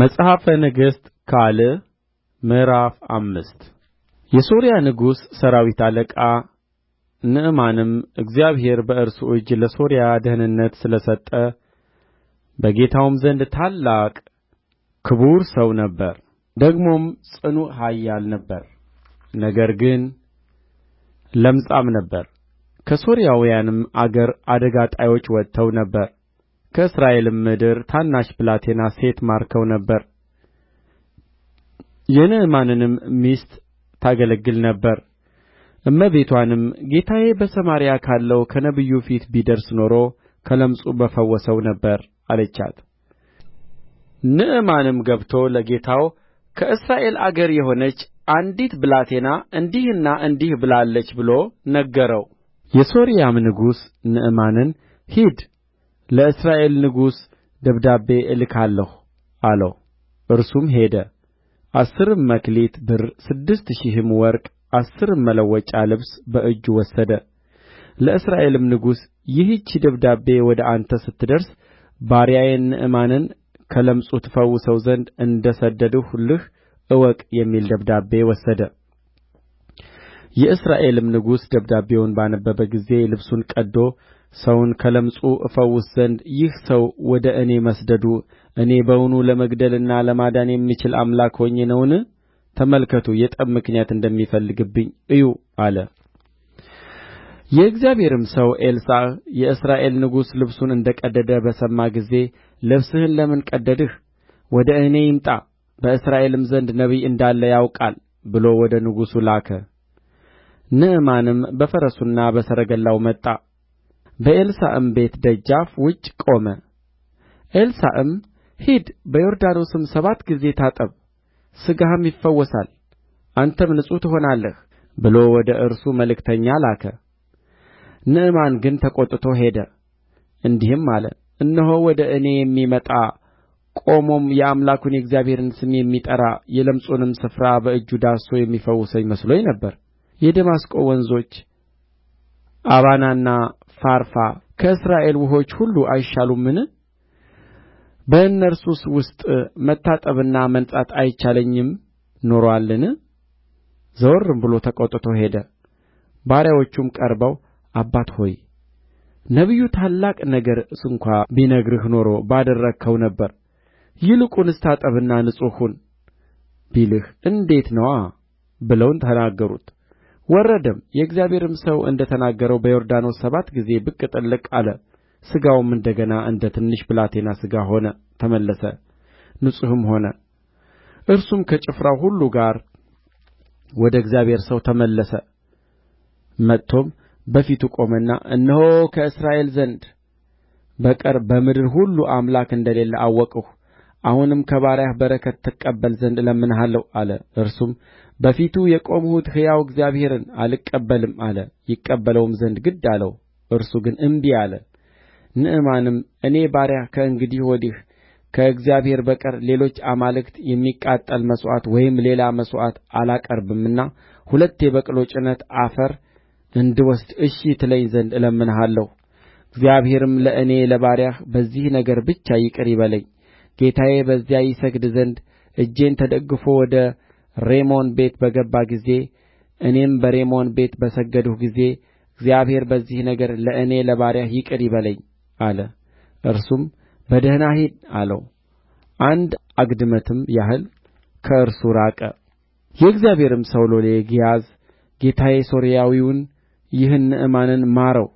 መጽሐፈ ነገሥት ካልዕ ምዕራፍ አምስት የሶርያ ንጉሥ ሠራዊት አለቃ ንዕማንም እግዚአብሔር በእርሱ እጅ ለሶርያ ደኅንነት ስለ ሰጠ በጌታውም ዘንድ ታላቅ ክቡር ሰው ነበር። ደግሞም ጽኑዕ ኃያል ነበር፣ ነገር ግን ለምጻም ነበር። ከሶርያውያንም አገር አደጋ ጣዮች ወጥተው ነበር። ከእስራኤልም ምድር ታናሽ ብላቴና ሴት ማርከው ነበር የንዕማንንም ሚስት ታገለግል ነበር እመቤትዋንም ጌታዬ በሰማርያ ካለው ከነቢዩ ፊት ቢደርስ ኖሮ ከለምጹ በፈወሰው ነበር አለቻት ንዕማንም ገብቶ ለጌታው ከእስራኤል አገር የሆነች አንዲት ብላቴና እንዲህና እንዲህ ብላለች ብሎ ነገረው የሶርያም ንጉሥ ንዕማንን ሂድ ለእስራኤል ንጉሥ ደብዳቤ እልካለሁ አለው እርሱም ሄደ አሥርም መክሊት ብር ስድስት ሺህም ወርቅ አሥርም መለወጫ ልብስ በእጁ ወሰደ ለእስራኤልም ንጉሥ ይህች ደብዳቤ ወደ አንተ ስትደርስ ባሪያዬን ንዕማንን ከለምጹ ትፈውሰው ዘንድ እንደ ሰደድሁልህ እወቅ የሚል ደብዳቤ ወሰደ የእስራኤልም ንጉሥ ደብዳቤውን ባነበበ ጊዜ ልብሱን ቀድዶ ሰውን ከለምጹ እፈውስ ዘንድ ይህ ሰው ወደ እኔ መስደዱ እኔ በውኑ ለመግደልና ለማዳን የምችል አምላክ ሆኜ ነውን ተመልከቱ የጠብ ምክንያት እንደሚፈልግብኝ እዩ አለ የእግዚአብሔርም ሰው ኤልሳዕ የእስራኤል ንጉሥ ልብሱን እንደ ቀደደ በሰማ ጊዜ ልብስህን ለምን ቀደድህ ወደ እኔ ይምጣ በእስራኤልም ዘንድ ነቢይ እንዳለ ያውቃል ብሎ ወደ ንጉሡ ላከ ንዕማንም በፈረሱና በሰረገላው መጣ በኤልሳዕም ቤት ደጃፍ ውጭ ቆመ ኤልሳዕም ሂድ በዮርዳኖስም ሰባት ጊዜ ታጠብ ሥጋህም ይፈወሳል አንተም ንጹሕ ትሆናለህ ብሎ ወደ እርሱ መልእክተኛ ላከ ንዕማን ግን ተቈጥቶ ሄደ እንዲህም አለ እነሆ ወደ እኔ የሚመጣ ቆሞም የአምላኩን የእግዚአብሔርን ስም የሚጠራ የለምጹንም ስፍራ በእጁ ዳስሶ የሚፈውሰኝ መስሎኝ ነበር የደማስቆ ወንዞች አባናና ፋርፋ ከእስራኤል ውኆች ሁሉ አይሻሉምን በእነርሱስ ውስጥ መታጠብና መንጻት አይቻለኝም ኖሮአልን ዘወርም ብሎ ተቈጥቶ ሄደ ባሪያዎቹም ቀርበው አባት ሆይ ነቢዩ ታላቅ ነገር ስንኳ ቢነግርህ ኖሮ ባደረግኸው ነበር ይልቁንስ ታጠብና ንጹሕ ሁን ቢልህ እንዴት ነዋ ብለው ተናገሩት ወረደም የእግዚአብሔርም ሰው እንደ ተናገረው በዮርዳኖስ ሰባት ጊዜ ብቅ ጥልቅ አለ ሥጋውም እንደ ገና እንደ ትንሽ ብላቴና ሥጋ ሆነ ተመለሰ ንጹሕም ሆነ እርሱም ከጭፍራው ሁሉ ጋር ወደ እግዚአብሔር ሰው ተመለሰ መጥቶም በፊቱ ቆመና እነሆ ከእስራኤል ዘንድ በቀር በምድር ሁሉ አምላክ እንደሌለ አወቅሁ አሁንም ከባሪያህ በረከት ትቀበል ዘንድ እለምንሃለሁ አለ እርሱም በፊቱ የቆምሁት ሕያው እግዚአብሔርን አልቀበልም አለ ይቀበለውም ዘንድ ግድ አለው እርሱ ግን እንቢ አለ ንዕማንም እኔ ባሪያህ ከእንግዲህ ወዲህ ከእግዚአብሔር በቀር ሌሎች አማልክት የሚቃጠል መሥዋዕት ወይም ሌላ መሥዋዕት አላቀርብምና ሁለት የበቅሎ ጭነት አፈር እንድወስድ እሺ ትለኝ ዘንድ እለምንሃለሁ እግዚአብሔርም ለእኔ ለባሪያህ በዚህ ነገር ብቻ ይቅር ይበለኝ ጌታዬ በዚያ ይሰግድ ዘንድ እጄን ተደግፎ ወደ ሬሞን ቤት በገባ ጊዜ እኔም በሬሞን ቤት በሰገድሁ ጊዜ እግዚአብሔር በዚህ ነገር ለእኔ ለባሪያህ ይቅር ይበለኝ አለ እርሱም በደኅና ሂድ አለው አንድ አግድመትም ያህል ከእርሱ ራቀ የእግዚአብሔርም ሰው ሎሌ ግያዝ ጌታዬ ሶርያዊውን ይህን ንዕማንን ማረው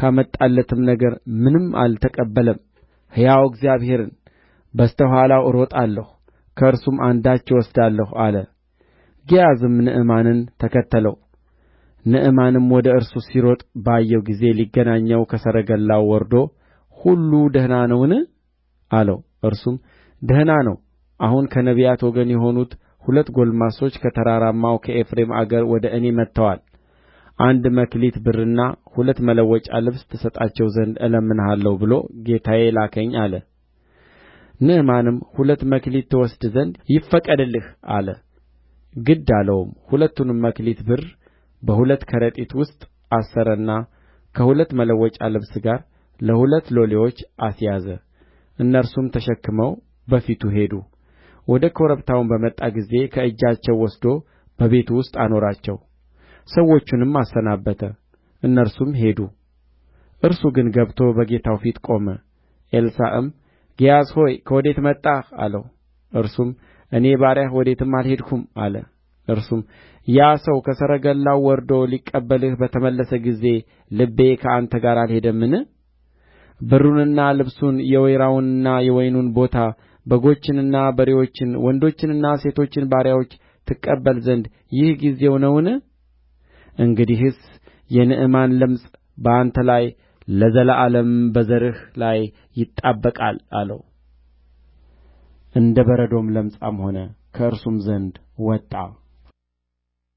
ካመጣለትም ነገር ምንም አልተቀበለም ሕያው እግዚአብሔርን በስተ ኋላው እሮጣለሁ ከእርሱም አንዳች እወስዳለሁ አለ ግያዝም ንዕማንን ተከተለው ንዕማንም ወደ እርሱ ሲሮጥ ባየው ጊዜ ሊገናኘው ከሰረገላው ወርዶ ሁሉ ደህና ነውን አለው እርሱም ደህና ነው አሁን ከነቢያት ወገን የሆኑት ሁለት ጎልማሶች ከተራራማው ከኤፍሬም አገር ወደ እኔ መጥተዋል አንድ መክሊት ብርና ሁለት መለወጫ ልብስ ትሰጣቸው ዘንድ እለምንሃለሁ ብሎ ጌታዬ ላከኝ አለ ንዕማንም ሁለት መክሊት ትወስድ ዘንድ ይፈቀድልህ አለ ግድ አለውም ሁለቱንም መክሊት ብር በሁለት ከረጢት ውስጥ አሰረና ከሁለት መለወጫ ልብስ ጋር ለሁለት ሎሌዎች አስያዘ እነርሱም ተሸክመው በፊቱ ሄዱ ወደ ኮረብታውም በመጣ ጊዜ ከእጃቸው ወስዶ በቤቱ ውስጥ አኖራቸው ሰዎቹንም አሰናበተ እነርሱም ሄዱ እርሱ ግን ገብቶ በጌታው ፊት ቆመ ኤልሳዕም ግያዝ ሆይ ከወዴት መጣህ አለው እርሱም እኔ ባሪያህ ወዴትም አልሄድሁም አለ እርሱም ያ ሰው ከሰረገላው ወርዶ ሊቀበልህ በተመለሰ ጊዜ ልቤ ከአንተ ጋር አልሄደምን ብሩንና ልብሱን የወይራውንና የወይኑን ቦታ በጎችንና በሬዎችን ወንዶችንና ሴቶችን ባሪያዎች ትቀበል ዘንድ ይህ ጊዜው ነውን እንግዲህስ የንዕማን ለምጽ በአንተ ላይ ለዘላለም በዘርህ ላይ ይጣበቃል አለው እንደ በረዶም ለምጻም ሆነ ከእርሱም ዘንድ ወጣ